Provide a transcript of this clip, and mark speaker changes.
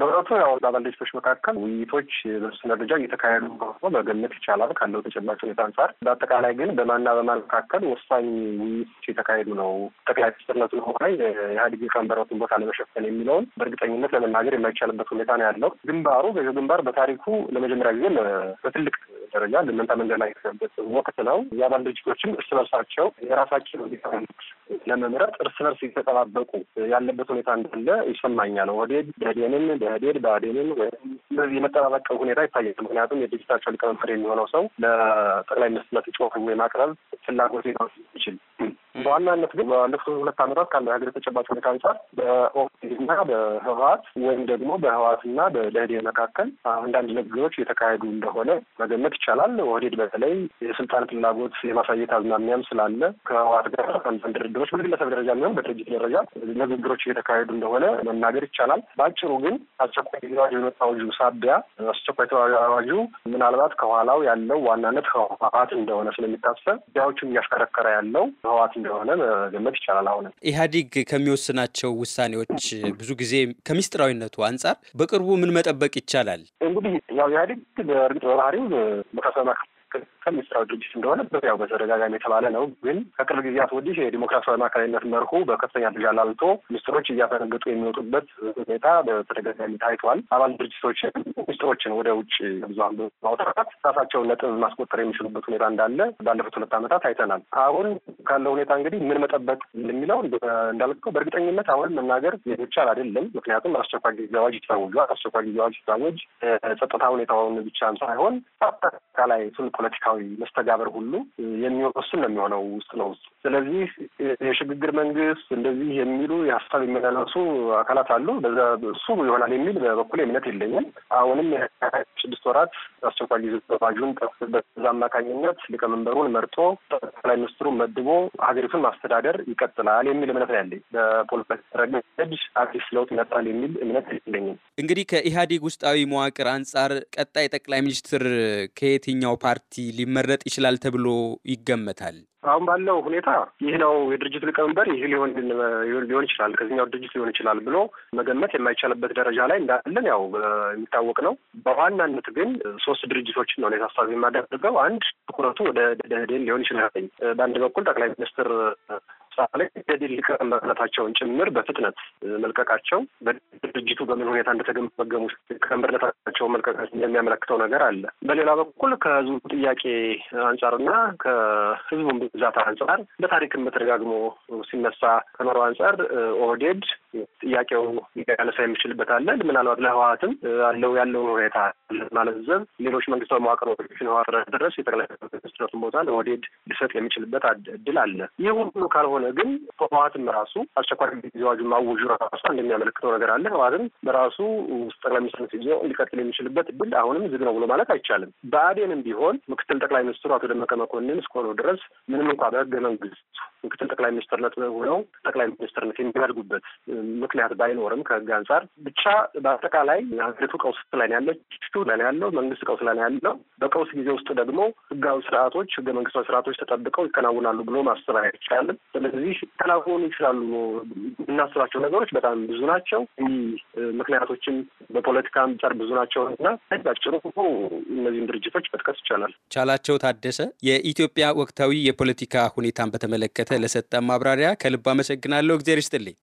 Speaker 1: በእውነቱ ያው በአባል መካከል ውይይቶች በተወሰነ ደረጃ እየተካሄዱ ሆኖ መገመት ይቻላል ካለው ተጨባጭ ሁኔታ አንጻር። በአጠቃላይ ግን በማና በማን መካከል ወሳኝ ውይይቶች የተካሄዱ ነው። ጠቅላይ ሚኒስትርነቱን ሆነ ኢህአዴግ የቀንበረቱን ቦታ ለመሸፈን የሚለውን በእርግጠኝነት ለመናገር የማይቻልበት ሁኔታ ነው ያለው። ግንባሩ ገዢው ግንባር በታሪኩ ለመጀመሪያ ጊዜ በትልቅ ደረጃ ልምንጠ መንገድ ላይ የተሰበት ወቅት ነው። የአባል ድርጅቶችም እርስ በርሳቸው የራሳቸው ዲፓርትመንት ለመምረጥ እርስ በርስ የተጠባበቁ ያለበት ሁኔታ እንዳለ ይሰማኛል። ወዴድ ደህዴንን ደህዴድ ብአዴንን ወይም እነዚህ የመጠባበቅ ሁኔታ ይታያል። ምክንያቱም የድርጅታቸው ሊቀመንበር የሚሆነው ሰው ለጠቅላይ ሚኒስትር ለተጫዋፈ ማቅረብ ፍላጎት ሊኖር ይችል በዋናነት ግን ባለፉት ሁለት ዓመታት ካለው የሀገር ተጨባጭ ሁኔታ አንጻር በኦህዴድና በህወሀት ወይም ደግሞ በህወሀትና በደህዴ መካከል አንዳንድ ንግግሮች የተካሄዱ እንደሆነ መገመት ይቻላል። ኦህዴድ በተለይ የስልጣን ፍላጎት የማሳየት አዝማሚያም ስላለ ከህወሀት ጋር አንዳንድ ድርድሮች በግለሰብ ደረጃ የሚሆን በድርጅት ደረጃ ንግግሮች እየተካሄዱ እንደሆነ መናገር ይቻላል። በአጭሩ ግን አስቸኳይ ጊዜ አዋጁ የመጣ ሳቢያ አስቸኳይ አዋጁ ምናልባት ከኋላው ያለው ዋናነት ህወሀት እንደሆነ ስለሚታሰብ ጉዳዮችን እያሽከረከረ ያለው ህወሀት እንደሆነ መገመት ይቻላል። አሁንም
Speaker 2: ኢህአዲግ ከሚወስናቸው ውሳኔዎች ብዙ ጊዜ ከሚስጥራዊነቱ አንጻር በቅርቡ ምን መጠበቅ ይቻላል?
Speaker 1: እንግዲህ ያው ኢህአዲግ በእርግጥ በባህሪው በከሰማ ከሚኒስትራዊ ድርጅት እንደሆነ ያው በተደጋጋሚ የተባለ ነው። ግን ከቅርብ ጊዜያት ወዲህ የዲሞክራሲያዊ ማዕከላዊነት መርሁ በከፍተኛ ደረጃ ላልቶ ሚኒስትሮች እያፈነገጡ የሚወጡበት ሁኔታ በተደጋጋሚ ታይቷል። አባል ድርጅቶችን ሚኒስትሮችን ወደ ውጭ ብዙሀን ማውጣት ራሳቸውን ነጥብ ማስቆጠር የሚችሉበት ሁኔታ እንዳለ ባለፉት ሁለት ዓመታት አይተናል። አሁን ካለው ሁኔታ እንግዲህ ምን መጠበቅ እንደሚለው እንዳልከው በእርግጠኝነት አሁን መናገር የሚቻል አይደለም። ምክንያቱም አስቸኳይ ጊዜ አዋጅ ይታወጇል። አስቸኳይ ጊዜ አዋጅ ሲታወጅ ጸጥታ ሁኔታውን ብቻም ሳይሆን አጠቃላይ ስል ፖለቲካዊ መስተጋበር ሁሉ የሚወሱ ነው የሚሆነው ውስጥ ለውስጥ። ስለዚህ የሽግግር መንግስት እንደዚህ የሚሉ የሀሳብ የሚመላለሱ አካላት አሉ። በዛ እሱ ይሆናል የሚል በበኩል እምነት የለኝም። አሁንም ስድስት ወራት አስቸኳይ ጊዜ አዋጁን በዛ አማካኝነት ሊቀመንበሩን መርጦ ጠቅላይ ሚኒስትሩን መድቦ ሀገሪቱን ማስተዳደር ይቀጥላል የሚል እምነት ነው ያለኝ። በፖለቲካ ረገድ አዲስ ለውጥ ይመጣል የሚል እምነት የለኝም።
Speaker 2: እንግዲህ ከኢህአዴግ ውስጣዊ መዋቅር አንጻር ቀጣይ ጠቅላይ ሚኒስትር ከየትኛው ፓርቲ ሊመረጥ ይችላል ተብሎ ይገመታል?
Speaker 1: አሁን ባለው ሁኔታ ይህ ነው የድርጅቱ ሊቀመንበር፣ ይህ ሊሆን ሊሆን ይችላል፣ ከዚኛው ድርጅት ሊሆን ይችላል ብሎ መገመት የማይቻልበት ደረጃ ላይ እንዳለን ያው የሚታወቅ ነው። በዋናነት ግን ሶስት ድርጅቶችን ነው እኔ ታሳቢ የማደርገው። አንድ ትኩረቱ ወደ ደህዴን ሊሆን ይችላል። በአንድ በኩል ጠቅላይ ሚኒስትር ስራ ደህዴን ሊቀቅ ጭምር በፍጥነት መልቀቃቸው በድርጅቱ በምን ሁኔታ እንደተገመገሙ ቀንበርነታቸውን መልቀቃቸው የሚያመለክተው ነገር አለ። በሌላ በኩል ከህዝቡ ጥያቄ አንጻርና ከህዝቡን ብዛት አንጻር በታሪክም በተደጋግሞ ሲነሳ ከኖረው አንጻር ኦህዴድ ጥያቄው ሊያነሳ የሚችልበት አለ። ምናልባት ለህወሓትም አለው ያለውን ሁኔታ ለማለዘብ ሌሎች መንግስታዊ መዋቅሮችን ዋ ድረስ የጠቅላይ ሚኒስትሩን ቦታ ለወዴድ ሊሰጥ የሚችልበት እድል አለ። ይህ ሁሉ ካልሆነ ግን ህወሀትም ራሱ አስቸኳይ ጊዜ አዋጁን ማወጁ ራሱ እንደሚያመለክተው ነገር አለ። ህወሀትም በራሱ ውስጥ ጠቅላይ ሚኒስትር ሲዞ ሊቀጥል የሚችልበት እድል አሁንም ዝግ ነው ብሎ ማለት አይቻልም። በአዴንም ቢሆን ምክትል ጠቅላይ ሚኒስትሩ አቶ ደመቀ መኮንን እስከሆኑ ድረስ ምንም እንኳ በህገ መንግስቱ ምክትል ጠቅላይ ሚኒስትርነት ሆነው ጠቅላይ ሚኒስትርነት የሚያደርጉበት ምክንያት ባይኖርም ከህግ አንጻር ብቻ በአጠቃላይ ሀገሪቱ ቀውስ ላይ ያለችው ላይ ያለው መንግስት ቀውስ ላይ ያለው። በቀውስ ጊዜ ውስጥ ደግሞ ህጋዊ ስርዓቶች ህገ መንግስታዊ ስርዓቶች ተጠብቀው ይከናውናሉ ብሎ ማሰብ አይቻልም። ስለዚህ ተከናወኑ ይችላሉ የምናስባቸው ነገሮች በጣም ብዙ ናቸው። ምክንያቶችም በፖለቲካም ጨር ብዙ ናቸው እና ባጭሩ እነዚህም ድርጅቶች መጥቀስ ይቻላል።
Speaker 2: ቻላቸው ታደሰ የኢትዮጵያ ወቅታዊ የፖለቲካ ሁኔታን በተመለከተ ለሰጠን ማብራሪያ ከልብ አመሰግናለሁ። እግዜር ይስጥልኝ።